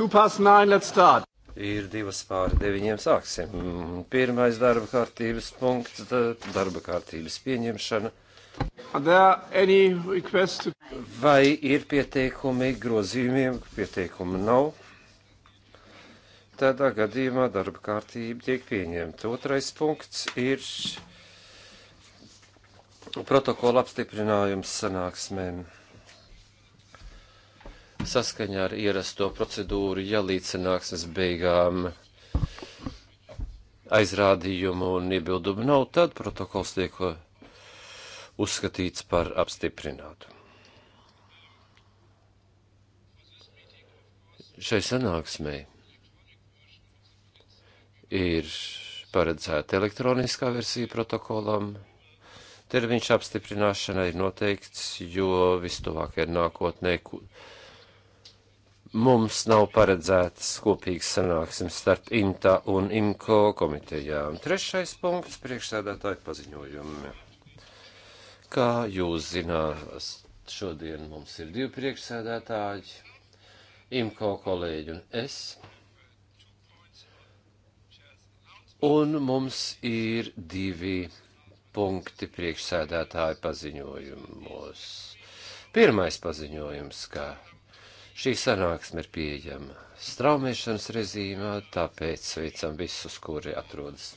Nine, ir divas pāri deviņiem sāksim. Pirmais darba kārtības punkts - darba kārtības pieņemšana. To... Vai ir pieteikumi grozījumiem? Pieteikumu nav. Tādā gadījumā darba kārtība tiek pieņemta. Otrais punkts ir protokola apstiprinājums sanāksmēm saskaņā ar ierasto procedūru, ja līdz sanāksmes beigām aizrādījumu un iebildumu nav, tad protokols tiek uzskatīts par apstiprinātu. Šai sanāksmei ir paredzēta elektroniskā versija protokolam. Termiņš apstiprināšanai ir noteikts, jo vistuvākajā nākotnē Mums nav paredzētas kopīgas sanāksmes starp INTA un IMCO komitejām. Trešais punkts - priekšsēdētāji paziņojumi. Kā jūs zināt, šodien mums ir divi priekšsēdētāji - IMCO kolēģi un es. Un mums ir divi punkti priekšsēdētāju paziņojumos. Pirmais paziņojums, ka Šī sanāksme ir pieejama straumēšanas režīmā, tāpēc sveicam visus, kuri atrodas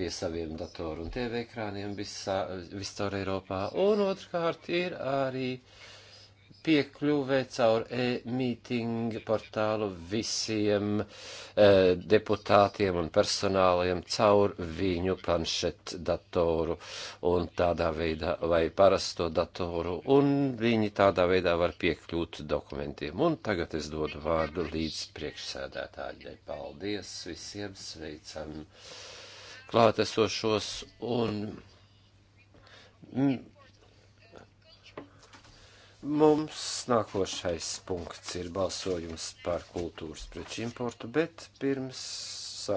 pie saviem datoru un TV ekrāniem visā, viscaur Eiropā. Un otrkārt ir arī piekļuve caur e-mīting portālu visiem e, deputātiem un personālajiem caur viņu planšet datoru un tādā veidā vai parasto datoru, un viņi tādā veidā var piekļūt dokumentiem. Un tagad es dodu vārdu līdz priekšsēdētājai. Paldies visiem, sveicam klātesošos un. Mm, Mums nākošais punkts ir balsojums par kultūras preču importu, bet pirms sa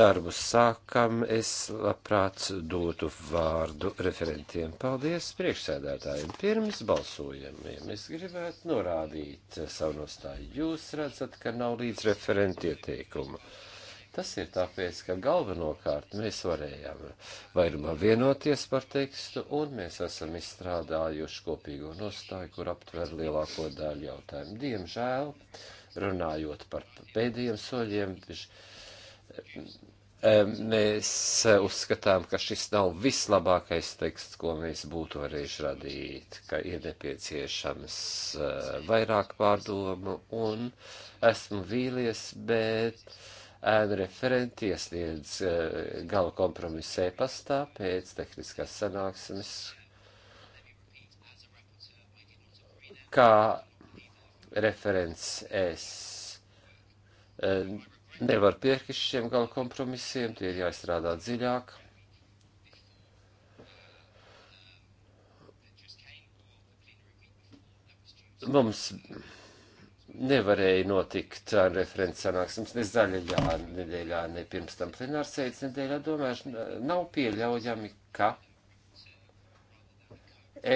darbu sākam, es labprāt dotu vārdu referentiem. Paldies priekšsēdētājiem. Pirms balsojumiem es gribētu norādīt savu nostāju. Jūs redzat, ka nav līdz referenti ieteikumu. Uh, Tas ir tāpēc, ka galvenokārt mēs varējām vairumā vienoties par tekstu, un mēs esam izstrādājuši kopīgo nostāju, kur aptver lielāko daļu jautājumu. Diemžēl, runājot par pēdējiem soļiem, mēs uzskatām, ka šis nav vislabākais teksts, ko mēs būtu varējuši radīt, ka ir nepieciešams eh, vairāk pārdomu, un esmu vīlies, bet ēnu referenti iesniedz e, gala kompromisu e-pastā pēc tehniskās sanāksmes, kā referents es e, nevaru piekrist šiem gala kompromisiem, tie ir jāizstrādā dziļāk. Mums nevarēja notikt ar referents sanāksmes ne zaļajā nedēļā, ne pirms tam plenārsēdes nedēļā. Domāju, nav pieļaujami, ka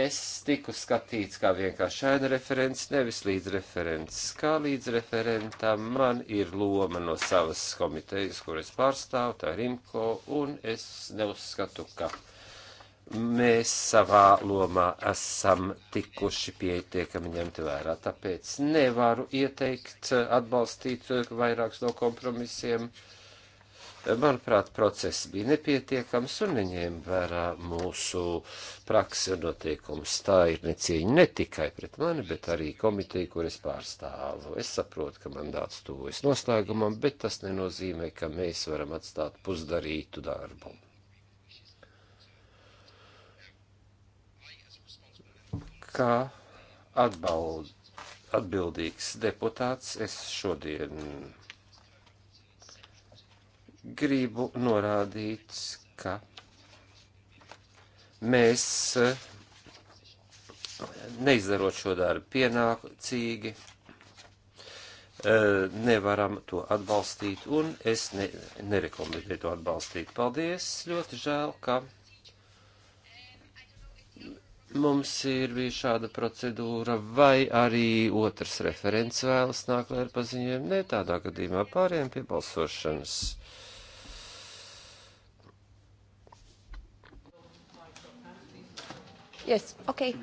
es tiku skatīts kā vienkārši ēna referents, nevis līdzreferents. Kā līdzreferentam man ir loma no savas komitejas, kur es pārstāvu, tā ir IMCO, un es neuzskatu, ka mēs savā lomā esam tikuši pietiekami ņemti vērā. Tāpēc nevaru ieteikt atbalstīt vairākus no kompromisiem. Manuprāt, process bija nepietiekams un neņēma vērā mūsu praksi un notiekumus. Tā ir necieņa ne tikai pret mani, bet arī komiteju, kur es pārstāvu. Es saprotu, ka mandāts tuvojas noslēgumam, bet tas nenozīmē, ka mēs varam atstāt pusdarītu darbu. kā atbald, atbildīgs deputāts es šodien gribu norādīt, ka mēs eh, neizdarot šo darbu pienācīgi, eh, nevaram to atbalstīt, un es ne, nerekomendēju to atbalstīt. Paldies! Ļoti žēl, ka mums ir bija šāda procedūra, vai arī otrs referents vēlas nākt ar paziņojumu, ne tādā gadījumā pāriem pie balsošanas. Yes, okay.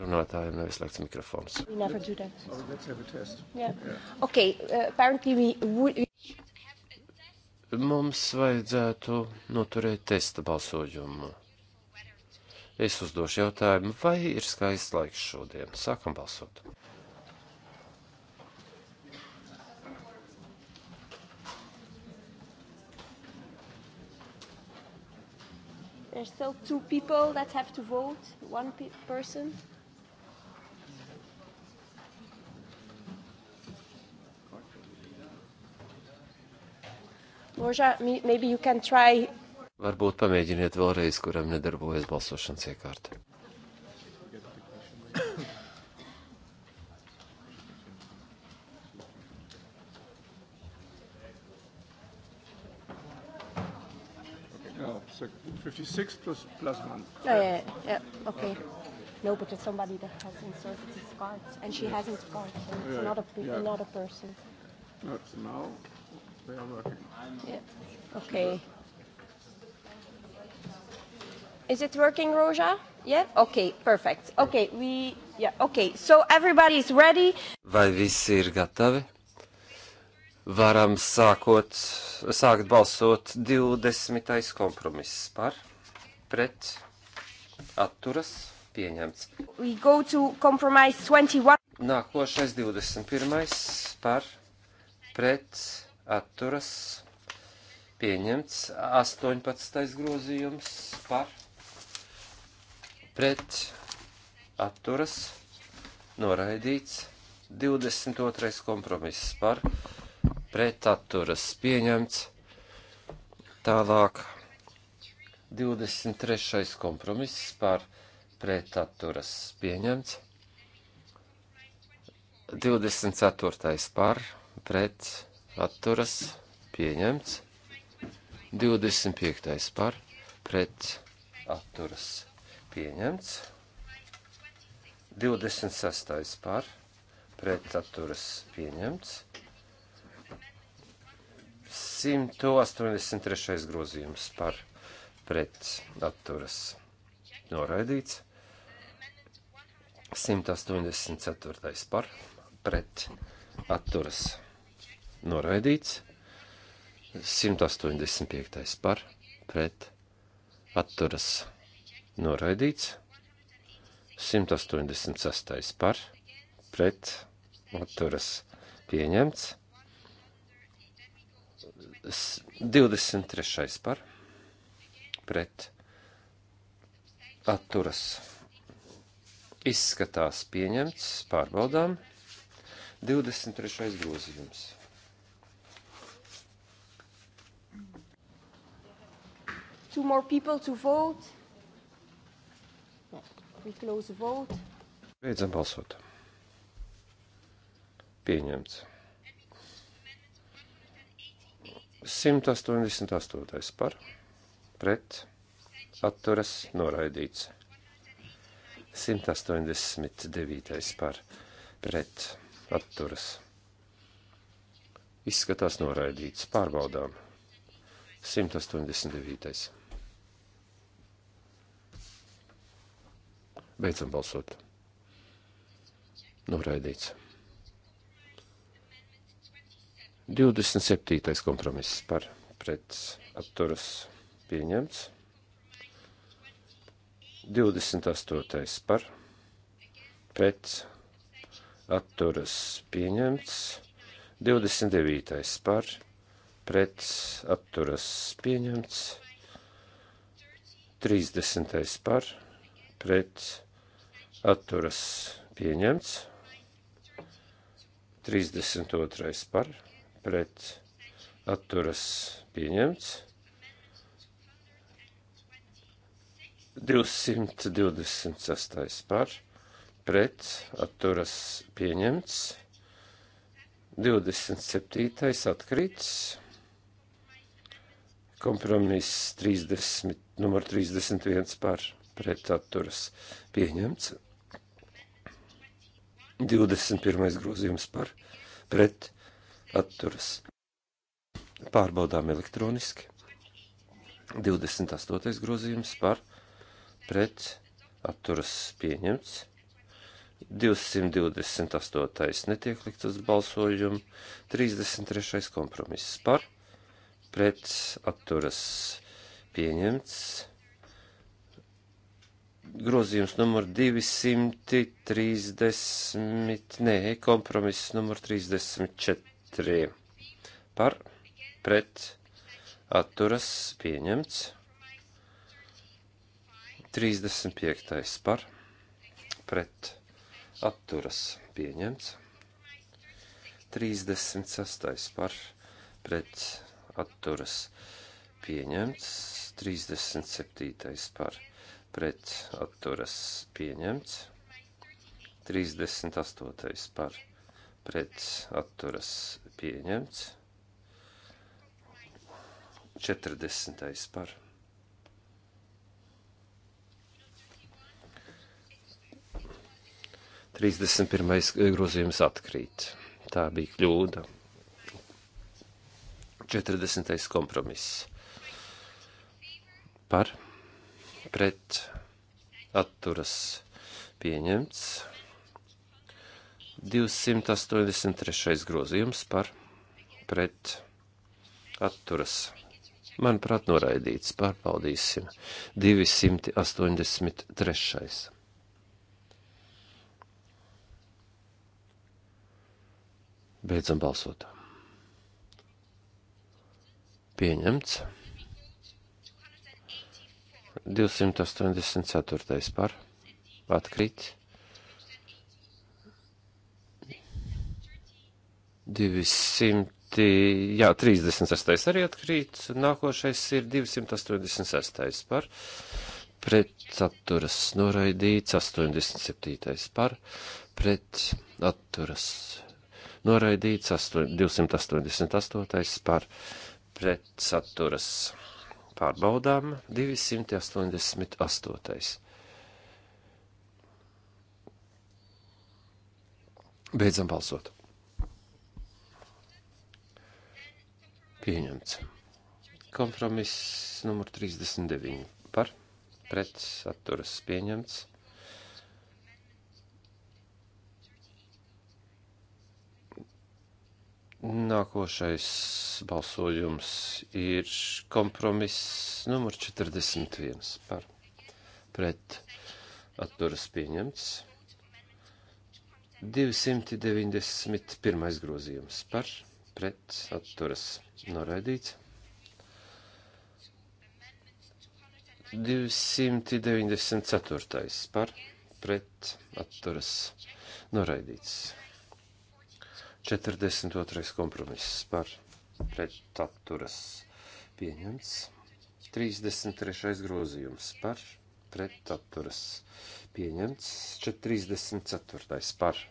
Runātājiem nav izslēgts mikrofons. We never do that. Oh, let's have a test. Yeah. yeah. Okay, uh, apparently we would... Mums vajadzētu noturēt testa balsojumu. Es uzdošu jautājumu, vai ir skaists laiks šodien. Sākam balsot. There's still two people that have to vote, one pe person. Borja, maybe you can try Varbūt pamēģiniet vēlreiz, kuram nedarbojas balsošanas iekārta. Oh, so 56 plus, plus 1. Yeah, yeah, yeah. Okay. No, because somebody that has inserted his card, and she hasn't card, so it's yeah, not a yeah. not a person. Not now. They are working. Yeah. Okay. Is it working, Roja? Yeah? Okay, perfect. Okay, we... Yeah, okay. So everybody's ready. Vai visi ir gatavi? Varam sākot, sākt balsot 20. kompromiss par, pret, atturas, pieņemts. We go to compromise 21. Nākošais 21. par, pret, atturas, pieņemts. 18. grozījums par pret atturas noraidīts 22. kompromiss par pret atturas pieņemts tālāk 23. kompromiss par pret atturas pieņemts 24. par pret atturas pieņemts 25. par pret atturas pieņemts pieņemts. 26. par pretaturas pieņemts. 183. grozījums par pretaturas noraidīts. 184. par pretaturas noraidīts. 185. par pretaturas noraidīts noraidīts. 186. par, pret, atturas pieņemts. 23. par, pret, atturas izskatās pieņemts, pārbaudām. 23. grozījums. Two more people to vote. Beidzam balsot. Pieņemts. 188. par pret atturas noraidīts. 189. par pret atturas. Izskatās noraidīts. Pārbaudām. 189. Beidzam balsot. Noraidīts. Nu, 27. kompromiss par pret atturas pieņemts. 28. par pret atturas pieņemts. 29. par pret atturas pieņemts. 30. par pret atturas pieņemts. 32. par pret atturas pieņemts. 226. par pret atturas pieņemts. 27. atkrīts. Kompromiss 30, numur 31 par pret atturas pieņemts. 21. grozījums par pret atturas. Pārbaudām elektroniski. 28. grozījums par pret atturas pieņemts. 228. netiek likt uz balsojumu. 33. kompromiss par pret atturas pieņemts grozījums numur 230, nē, kompromiss numur 34. Par, pret, atturas, pieņemts. 35. par, pret, atturas, pieņemts. 36. par, pret, atturas, pieņemts. 37. par, pret, atturas, pieņemts pret atturas pieņemts. 38. par pret atturas pieņemts. 40. par. Trīsdesmit pirmais grozījums atkrīt. Tā bija kļūda. 40. kompromiss. Par pret atturas pieņemts. 283. grozījums par pret atturas. Manuprāt, noraidīts. Pārbaudīsim. 283. Beidzam balsot. Pieņemts. 284. par atkrīt. 200, jā, 36. arī atkrīt, nākošais ir 286. par pretatturas noraidīts, 87. par pretatturas noraidīts, 288. par pretatturas noraidīts Pārbaudām 288. Beidzam balsot. Pieņemts. Kompromiss numur 39 par pret atturas pieņemts. Nākošais balsojums ir kompromiss numur 41 par pret atturas pieņemts. 291. grozījums par pret atturas noraidīts. 294. par pret atturas noraidīts. 42. kompromiss par pretaturas pieņemts. 33. grozījums par pretaturas pieņemts. 34. par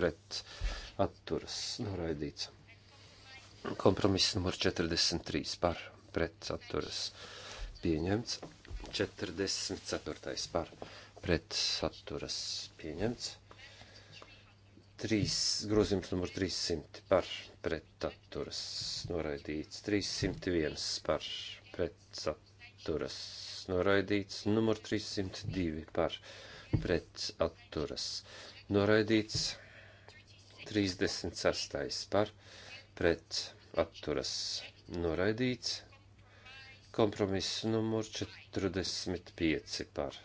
pretaturas noraidīts. Kompromiss numur 43 par pretaturas pieņemts. 44. par pretaturas pieņemts. 3, grozījums numur 300 par pretaturas noraidīts, 301 par pretaturas noraidīts, numur 302 par pretaturas noraidīts, 36 par pretaturas noraidīts, kompromiss numur 45 par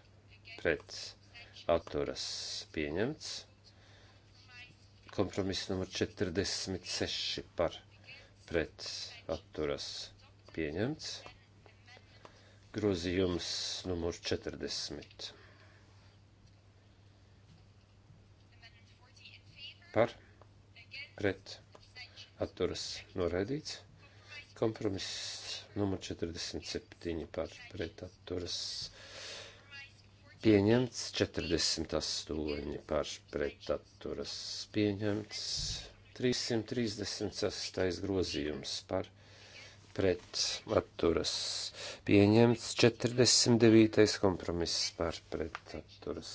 pretaturas pieņemts. Kompromiss numur 46 par pret atturas pieņemts. Grozījums numur 40. Par pret atturas noraidīts. Kompromiss numur 47 par pret atturas pieņemts Pieņemts 48 par pretaturas. Pieņemts 336 grozījums par pretaturas. Pieņemts 49 kompromiss par pretaturas.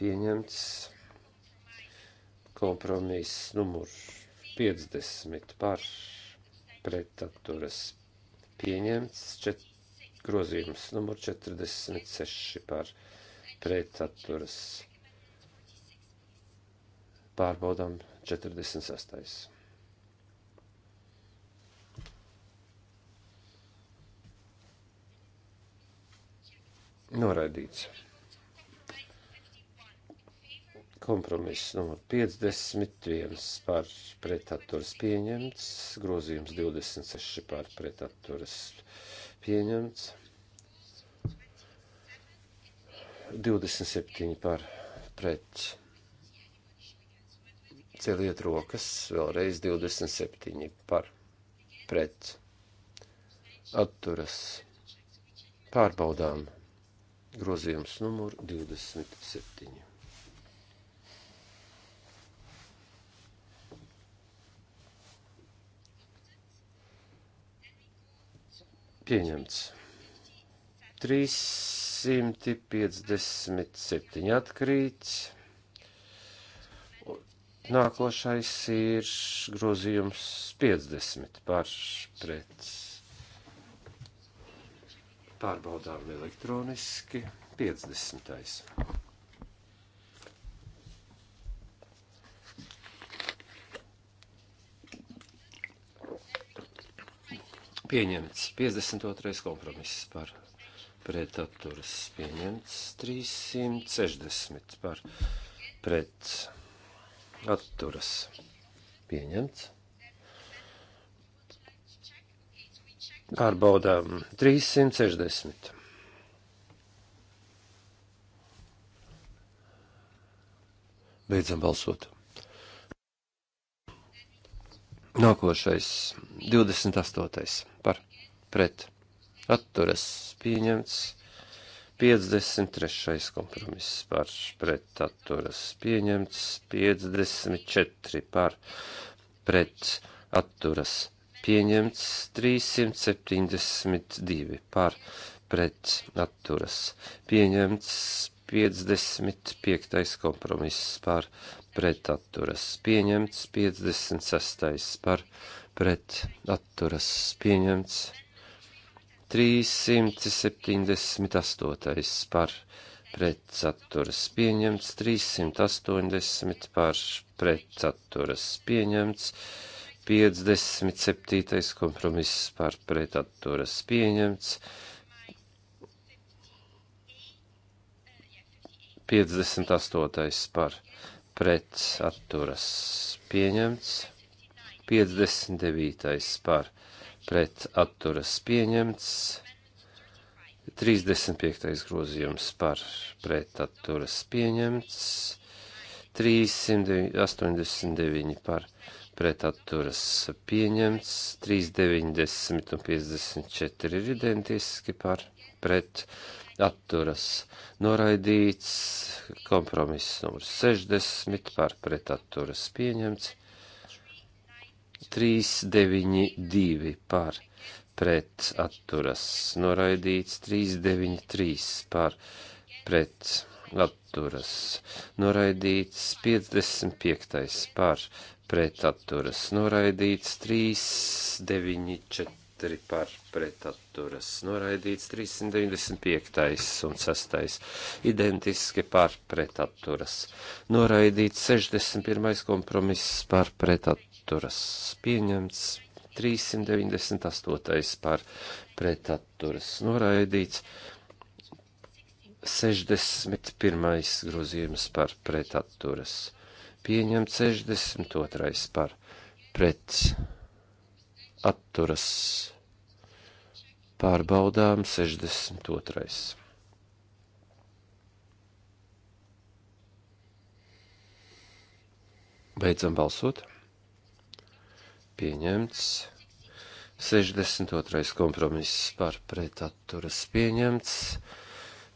Pieņemts kompromiss numur 50 par pretaturas. Pieņemts 4 grozījums numur 46 par pretaturas. Pārbaudām 46. Noraidīts. Kompromiss numur 51 par pretaturas pieņemts, grozījums 26 par pretaturas pieņemts pieņemts. 27 par pret. Celiet rokas, vēlreiz 27 par pret. Atturas. Pārbaudām grozījums numur 27. Pieņemts. 357 atkrīt. Nākošais ir grozījums 50 par pret. Pārbaudām elektroniski 50. Pieņemts 52. kompromiss par pretaturas. Pieņemts 360 par pretaturas. Pieņemts. Pārbaudām 360. Beidzam balsot. Nākošais, 28. par pret atturas pieņemts, 53. kompromiss par pret atturas pieņemts, 54 par pret atturas pieņemts, 372 par pret atturas pieņemts, 55. kompromiss par pretatturas pieņemts, 56. par pretatturas pieņemts, 378. par pretatturas pieņemts, 380. par pretatturas pieņemts, 57. kompromiss par pretatturas pieņemts, 380. 58. par pret atturas pieņemts, 59. par pret atturas pieņemts, 35. grozījums par pret atturas pieņemts, 389 par pret atturas pieņemts, 390 un 54 ir identiski par pret atturas pieņemts atturas noraidīts, kompromiss numur 60 par pret atturas pieņemts, 392 par pret atturas noraidīts, 393 par pret atturas noraidīts, 55 par pret atturas noraidīts, 394 4 par pretaturas noraidīts, 395 un 6 identiski par pretaturas noraidīts, 61 kompromiss par pretaturas pieņemts, 398 par pretaturas noraidīts, 61 grozījums par pretaturas pieņemts, 62 par pretaturas atturas. Pārbaudām 62. Beidzam balsot. Pieņemts. 62. kompromiss par pretatturas pieņemts,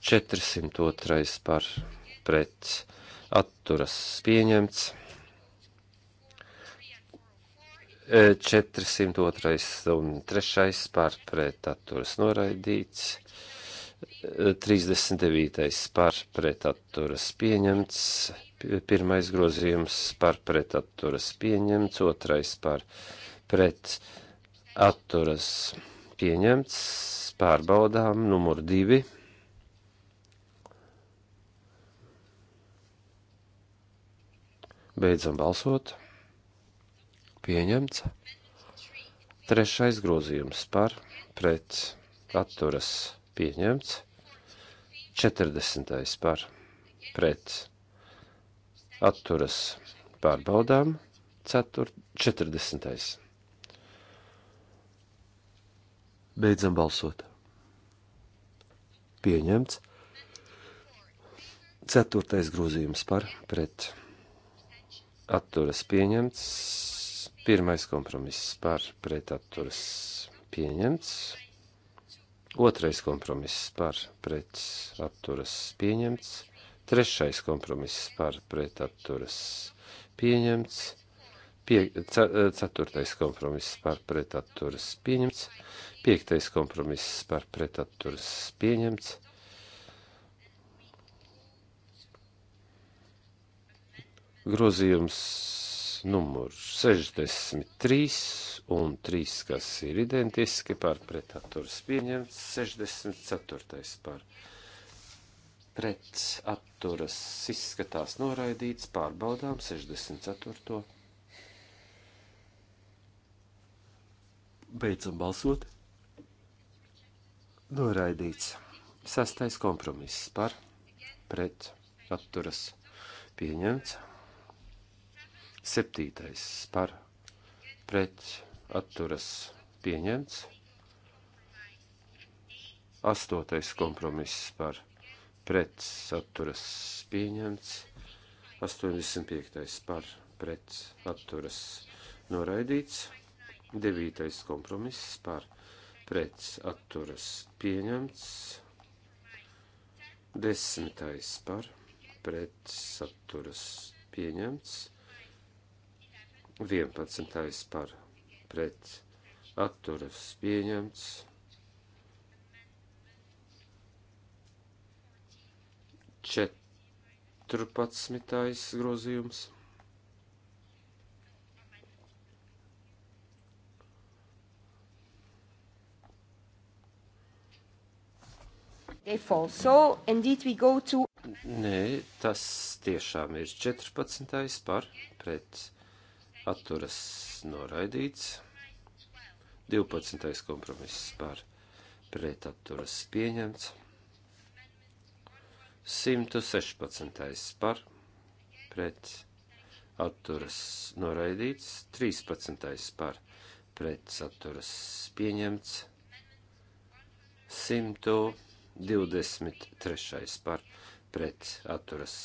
402. par pretatturas pieņemts. 402. un 3. pārpret atturas noraidīts. 39. pārpret atturas pieņemts. Pirmais grozījums pārpret atturas pieņemts. Otrais pārpret atturas pieņemts. Pārbaudām numur 2. Beidzam balsot pieņemts. Trešais grozījums par pret atturas pieņemts. 40. par pret atturas pārbaudām. 40. Beidzam balsot. Pieņemts. Ceturtais grozījums par pret atturas pieņemts. Pirmais kompromiss par pretaturas pieņemts. Otrais kompromiss par pretaturas pieņemts. Trešais kompromiss par pretaturas pieņemts. Pie, ce, ceturtais kompromiss par pretaturas pieņemts. Piektais kompromiss par pretaturas pieņemts. Grozījums numuru 63 un 3, kas ir identiski par pretaturs pieņemts, 64 par pretaturas izskatās noraidīts, pārbaudām 64. Beidzam balsot. Noraidīts. Sastais kompromiss par pret atturas pieņemts. Septītais par pret atturas pieņemts. Astotais kompromiss par pret atturas pieņemts. 85. par pret atturas noraidīts. 9. kompromiss par pret atturas pieņemts. 10. par pret atturas pieņemts. 11. par pret atturas pieņemts. 14. grozījums. So, to... Nē, tas tiešām ir 14. par pret atturas noraidīts. 12. kompromiss par pret atturas pieņemts. 116. par pret atturas noraidīts. 13. par pret atturas pieņemts. 123. par pret atturas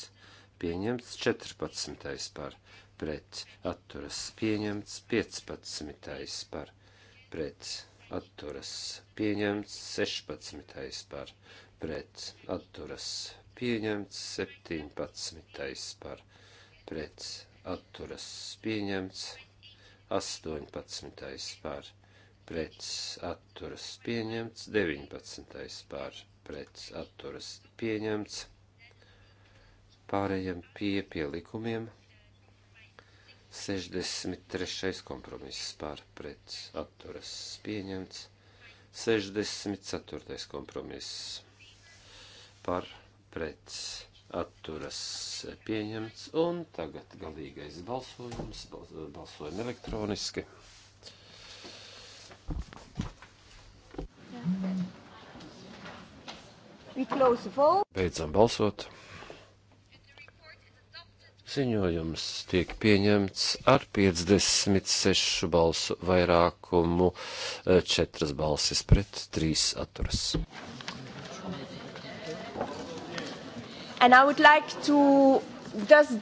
pieņemts. 14. par pret pret atturas pieņemts, 15. par pret atturas pieņemts, 16. par pret atturas pieņemts, 17. par pret atturas pieņemts, 18. par pret atturas pieņemts, 19. par pret atturas pieņemts. Pārējiem pie pielikumiem 63. kompromiss par pret atturas pieņemts. 64. kompromiss par pret atturas pieņemts. Un tagad galīgais balsojums. Balsojam elektroniski. Beidzam balsot. Ziņojums tiek pieņemts ar 56 balsu vairākumu, 4 e, balsis pret 3 atturas. Like to...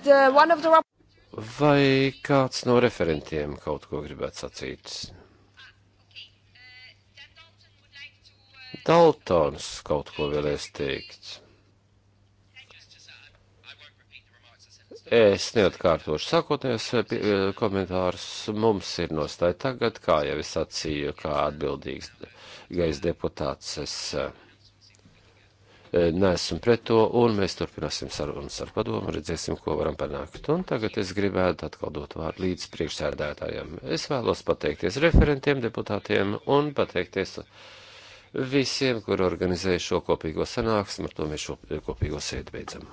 the... Vai kāds no referentiem kaut ko gribētu sacīt? Daltons kaut ko vēlēs teikt. Es neatkārtošu sākotnējos eh, eh, komentārus. Mums ir nostāja tagad, kā jau es sacīju, kā atbildīgs gaisa deputāts. Es eh, neesmu pret to, un mēs turpināsim sarunas ar padomu, redzēsim, ko varam panākt. Un tagad es gribētu atkal dot vārdu līdz priekšsēdētājiem. Es vēlos pateikties referentiem, deputātiem un pateikties visiem, kur organizēja šo kopīgo sanāksmu. Ar to mēs šo kopīgo sēdi beidzam.